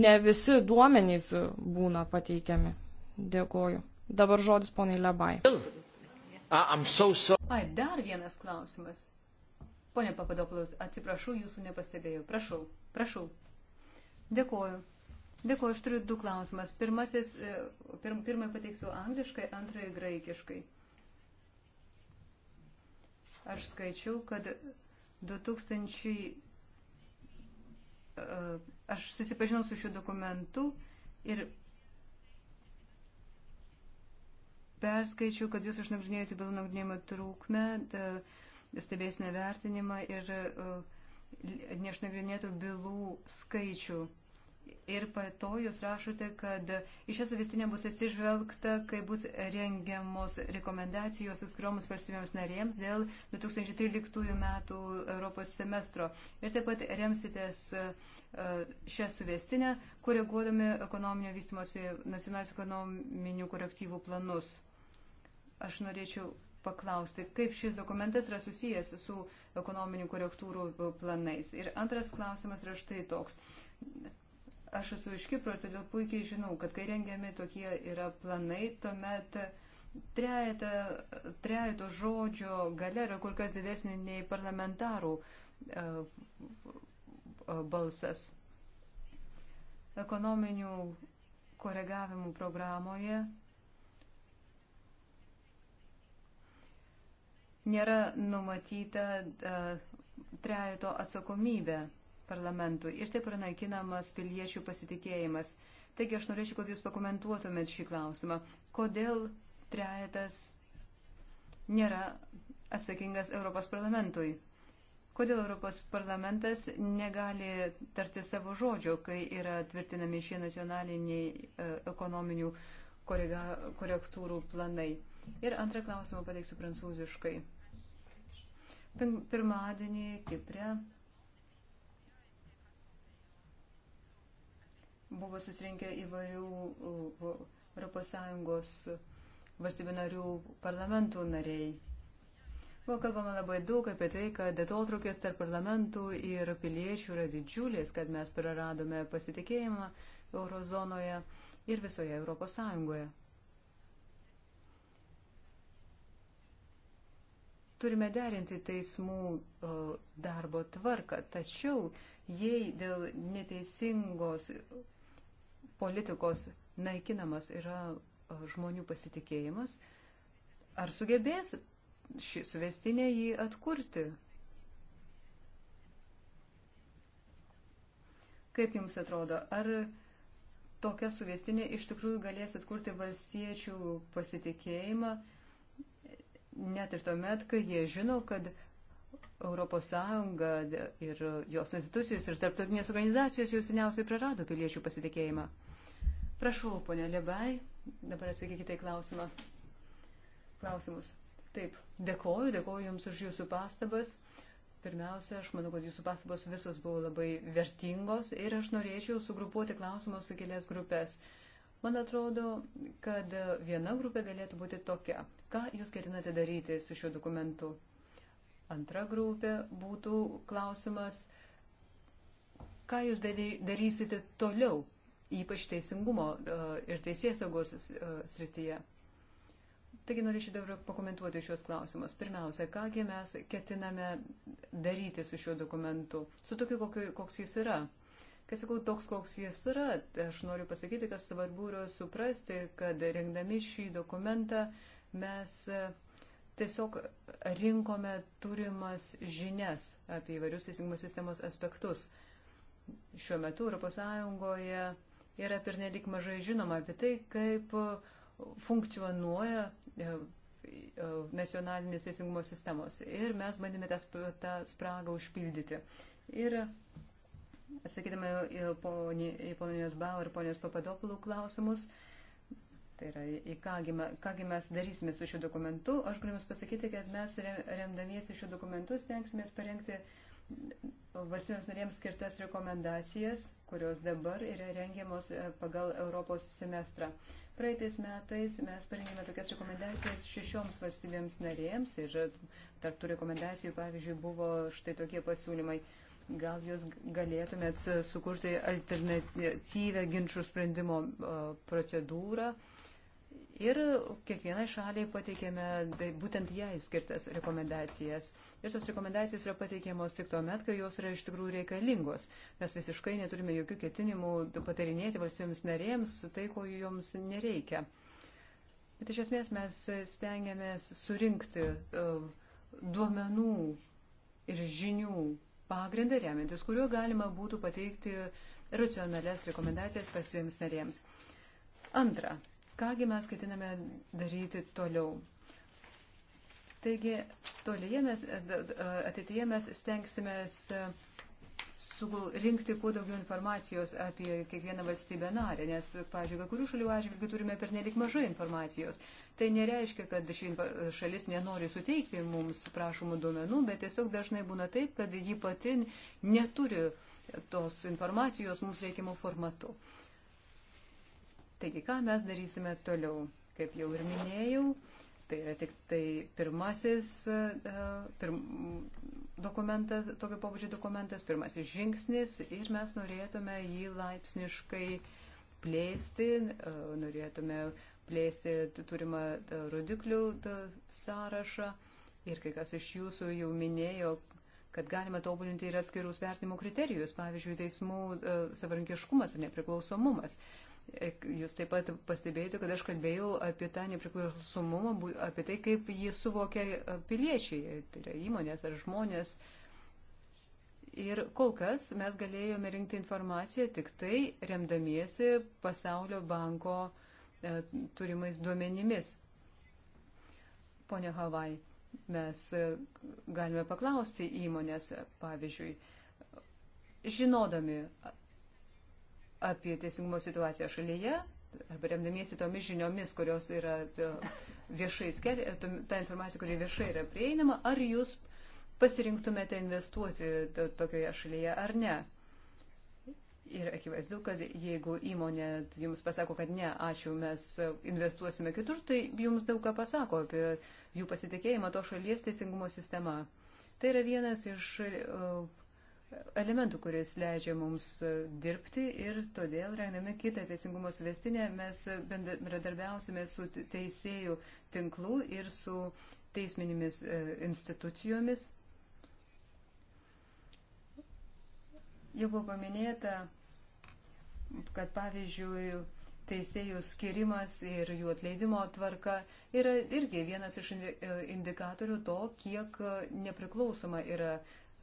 Speaker 3: ne visi duomenys būna pateikiami. Dėkoju. Dabar žodis poniai Lebai.
Speaker 1: Ai,
Speaker 2: dar vienas klausimas. Pone Papadopoulos, atsiprašau, jūsų nepastebėjau. Prašau, prašau. Dėkoju. Dėkoju, aš turiu du klausimas. Pirmasis, pir, e, pirmąjį pateiksiu angliškai, antrąjį graikiškai. Uh, Aš skaičiau, kad 2000. E, aš susipažinau su šiuo dokumentu ir perskaičiau, kad jūs išnagrinėjote bylų nagrinėjimo trūkmę, stebėsime vertinimą ir e, neišnagrinėtų bylų skaičių. Ir po to jūs rašote, kad iš šią suvestinę bus atsižvelgta, kai bus rengiamos rekomendacijos įskroms valstybėms narėms dėl 2013 metų Europos semestro. Ir taip pat remsitės e, šią suvestinę, koreguodami ekonominio vystimosi nacionalinius ekonominių korektyvų planus. Aš norėčiau paklausti, kaip šis dokumentas yra susijęs su ekonominių korektūrų planais. Ir antras klausimas yra štai toks Aš esu iš Kipro ir todėl puikiai žinau, kad kai rengiami tokie yra planai, tuomet trejato žodžio galia yra kur kas didesnė nei parlamentarų e, e, balsas. Ekonominių koregavimų programoje nėra numatyta e, trejato atsakomybė parlamentui ir taip yra naikinamas piliečių pasitikėjimas. Taigi aš norėčiau, kad jūs pakomentuotumėt šį klausimą. Kodėl trejetas nėra atsakingas Europos parlamentui? Kodėl Europos parlamentas negali tarti savo žodžio, kai yra tvirtinami šie nacionaliniai e, ekonominių korega, korektūrų planai? Ir antrą klausimą pateiksiu prancūziškai. Pirmadienį Kipre buvo susirinkę įvairių ES valstybių narių parlamentų nariai. Buvo kalbama labai daug apie tai, kad atotrukis tarp parlamentų ir piliečių yra didžiulis, kad mes praradome pasitikėjimą eurozonoje ir visoje Europos Sąjungoje. Turime derinti teismų darbo tvarką, tačiau jei dėl neteisingos politikos naikinamas yra žmonių pasitikėjimas, ar sugebės šį suvestinę jį atkurti? Kaip jums atrodo, ar tokia suvestinė iš tikrųjų galės atkurti valstiečių pasitikėjimą, net ir tuomet, kai jie žino, kad ES ir jos institucijos ir tarptautinės organizacijos jau seniausiai prarado piliečių pasitikėjimą? Prašau, ponė Lebai, dabar atsakykite į klausimą. Klausimus. Taip, dėkoju, dėkoju Jums už Jūsų pastabas. Pirmiausia, aš manau, kad Jūsų pastabos visos buvo labai vertingos ir aš norėčiau sugrupuoti klausimus su kelias grupės. Man atrodo, kad viena grupė galėtų būti tokia. Ką Jūs ketinate daryti su šiuo dokumentu? Antra grupė būtų klausimas, ką Jūs darysite toliau ypač teisingumo e, ir teisėsaugos e, srityje. Taigi norėčiau dabar pakomentuoti šios klausimus. Pirmiausia, kągi mes ketiname daryti su šiuo dokumentu, su tokiu, kokiu, koks jis yra. Kai sakau toks, koks jis yra, tai aš noriu pasakyti, kad svarbu yra suprasti, kad rengdami šį dokumentą mes e, tiesiog rinkome turimas žinias apie įvairius teisingumo sistemos aspektus. Šiuo metu ES yra pernelik mažai žinoma apie tai, kaip e, funkcionuoja e, e, nacionalinės teisingumo sistemos. Ir mes bandėme tą, tą spragą užpildyti. Ir atsakydami į ponijos Bauer ir ponijos Papadopulų klausimus, tai yra, į kągi, kągi mes darysime su šiuo dokumentu, aš galiu Jums pasakyti, kad mes remdamiesi šiuo dokumentu stengsime parengti uh, valstybėms narėms skirtas rekomendacijas, kurios dabar yra rengiamos e, pagal Europos semestrą. Praeitais metais mes parengėme tokias rekomendacijas šešioms valstybėms narėms ir tarptų rekomendacijų, pavyzdžiui, buvo štai tokie pasiūlymai. Gal jūs galėtumėt sukurti alternatyvę ginčių sprendimo e, procedūrą? Uh, Ir kiekvienai šaliai pateikėme tai būtent jai skirtas rekomendacijas. Ir tos rekomendacijos yra pateikiamos tik tuo met, kai jos yra iš tikrųjų reikalingos. Mes visiškai neturime jokių ketinimų patarinėti valstybėms narėms tai, ko joms nereikia. Bet iš esmės mes stengiamės surinkti uh, duomenų ir žinių pagrindą remiantis, kuriuo galima būtų pateikti racionales rekomendacijas valstybėms narėms. Antra, Kągi mes ketiname daryti toliau. Taigi, tolėje mes, e, e, ateityje mes stengsime surinkti kuo daugiau informacijos apie kiekvieną valstybę narę, nes, pažiūrėjau, kai kurių šalių atžvilgių turime per nelik mažai informacijos. Tai nereiškia, kad ši šalis nenori suteikti mums prašomų duomenų, bet tiesiog dažnai būna taip, kad ji pati neturi tos informacijos mums reikiamų formatų. Taigi, ką mes darysime toliau? Kaip jau ir minėjau, tai yra tik tai pirmasis e, pirm, dokumentas, tokio pobūdžio dokumentas, pirmasis žingsnis ir mes norėtume jį laipsniškai plėsti, e, norėtume plėsti turimą e, rodiklių sąrašą ir kai kas iš jūsų jau minėjo, kad galima tobulinti ir atskirus vertinimo kriterijus, pavyzdžiui, teismų savarankiškumas ir nepriklausomumas. Jūs taip pat pastebėjote, kad aš kalbėjau apie tą nepriklausomumą, apie tai, kaip jį suvokia e, piliečiai, tai yra įmonės ar žmonės. Ir kol kas mes galėjome rinkti informaciją tik tai remdamiesi pasaulio banko e, turimais duomenimis. Pone Havai, mes e, galime paklausti įmonės, pavyzdžiui, žinodami apie teisingumo situaciją šalyje, arba remdamiesi tomis žiniomis, kurios yra e, viešai, e, ta informacija, kuri viešai yra prieinama, ar jūs pasirinktumėte investuoti tokioje šalyje ar ne. Ir akivaizdu, kad jeigu įmonė jums pasako, kad ne, ačiū, mes investuosime kitur, tai jums daug ką pasako apie jų pasitikėjimą to šalies teisingumo sistema. Tai yra vienas iš uh, elementų, kuris leidžia mums e, dirbti ir todėl, rengdami kitą teisingumo suvestinę, mes bendradarbiausime su teisėjų tinklu ir su teisminėmis e, institucijomis. Jau buvo paminėta, kad pavyzdžiui, teisėjų skirimas ir jų atleidimo tvarka yra irgi vienas iš e, indikatorių to, kiek nepriklausoma yra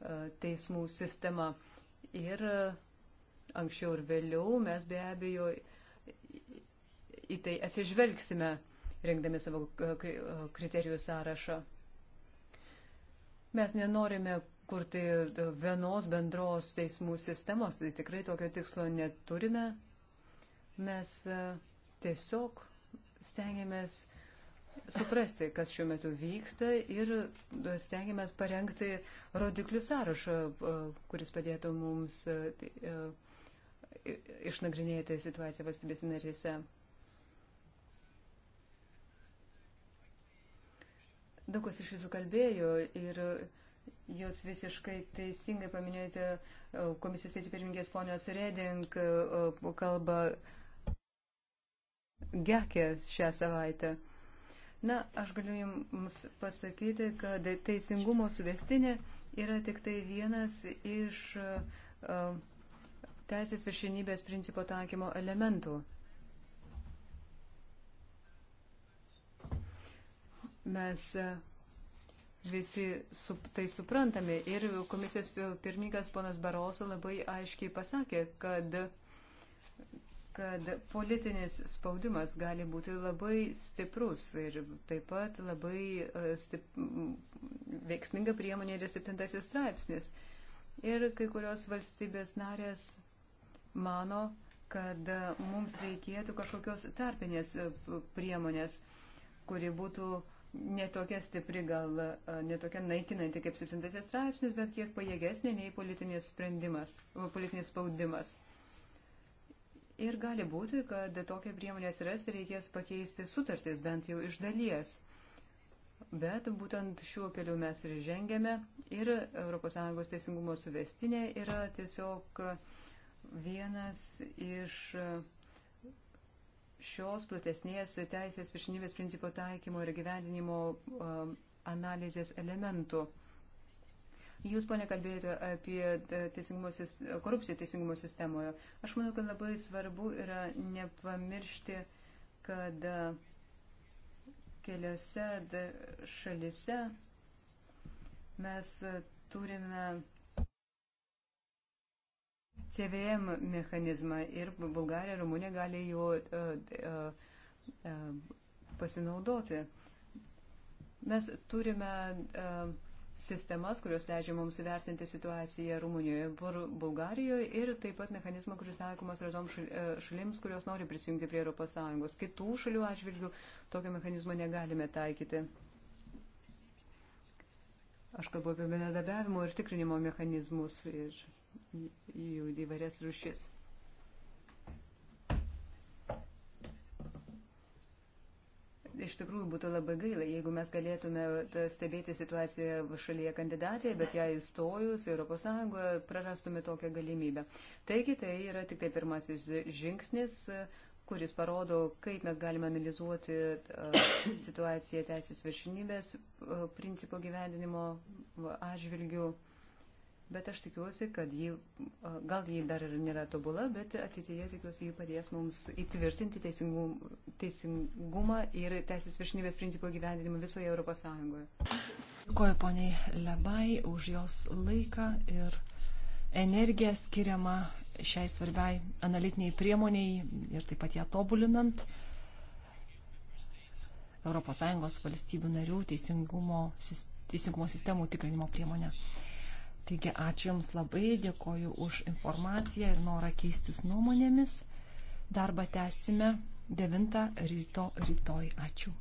Speaker 2: E, teismų sistema. Ir e, anksčiau ir vėliau mes be abejo į tai atsižvelgsime, rengdami savo kriterijų sąrašą. Mes nenorime kurti vienos bendros teismų sistemos, tai tikrai tokio tikslo neturime. Mes e, tiesiog stengiamės uh, suprasti, kas šiuo metu vyksta ir stengiamės parengti rodiklių sąrašą, kuris padėtų mums tai, išnagrinėti situaciją valstybės narėse. Daug kas iš jūsų kalbėjo ir jūs visiškai teisingai paminėjote komisijos vicepirmininkės ponios Reding kalbą Gekė šią savaitę. Na, aš galiu Jums pasakyti, kad teisingumo suvestinė yra tik tai vienas iš uh, teisės viršinybės principo taikymo elementų. Mes e, visi su, tai suprantame ir komisijos pirmininkas ponas Baroso labai aiškiai pasakė, kad kad politinis spaudimas gali būti labai stiprus ir taip pat labai e, stip, veiksminga priemonė yra septintasis straipsnis. Ir kai kurios valstybės narės mano, kad mums reikėtų kažkokios tarpinės e, priemonės, kuri būtų netokia stipri, gal e, netokia naikinanti kaip septintasis straipsnis, bet kiek pajėgesnė nei politinis sprendimas, politinis spaudimas. Ir gali būti, kad tokią priemonę atsirasti reikės pakeisti sutartis bent jau iš dalies. Bet būtent šiuo keliu mes ir žengėme ir ES teisingumo suvestinė yra tiesiog vienas iš šios platesnės teisės viršinybės principo taikymo ir gyvendinimo analizės elementų. Jūs, ponė, kalbėjote apie e, teisingumo, korupciją teisingumo sistemoje. Aš manau, kad labai svarbu yra nepamiršti, kad e, keliose šalise mes e, turime CVM mechanizmą ir Bulgarija, Rumunija gali jo uh, uh, uh, pasinaudoti. Mes turime uh, sistemas, kurios leidžia mums įvertinti situaciją Rumunijoje, Bulgarijoje ir taip pat mechanizmą, kuris taikomas yra toms e, šalims, kurios nori prisijungti prie ES. Kitų šalių atžvilgių tokio mechanizmo negalime taikyti. Aš kalbu apie bendradarbiavimo ir tikrinimo mechanizmus ir jų įvairias rušis. iš tikrųjų būtų labai gaila, jeigu mes galėtume stebėti situaciją šalyje kandidatėje, bet ją įstojus Europos Sąjungoje prarastume tokią galimybę. Taigi tai yra tik tai pirmasis žingsnis, kuris parodo, kaip mes galime analizuoti situaciją teisės viršinybės principo gyvendinimo atžvilgių bet aš tikiuosi, kad ji, gal ji dar ir nėra tobula, bet ateityje tikiuosi, ji padės mums įtvirtinti teisingum, teisingumą ir teisės viršinybės principo gyvendinimą visoje Europos Sąjungoje.
Speaker 1: Dėkuoju poniai Labai už jos laiką ir energiją skiriamą šiai svarbiai analitiniai priemoniai ir taip pat ją tobulinant. ES valstybių narių teisingumo, teisingumo sistemų tikrinimo priemonę. Taigi ačiū Jums labai, dėkoju už informaciją ir norą keistis nuomonėmis. Darbą tęsime 9 ryto rytoj. Ačiū.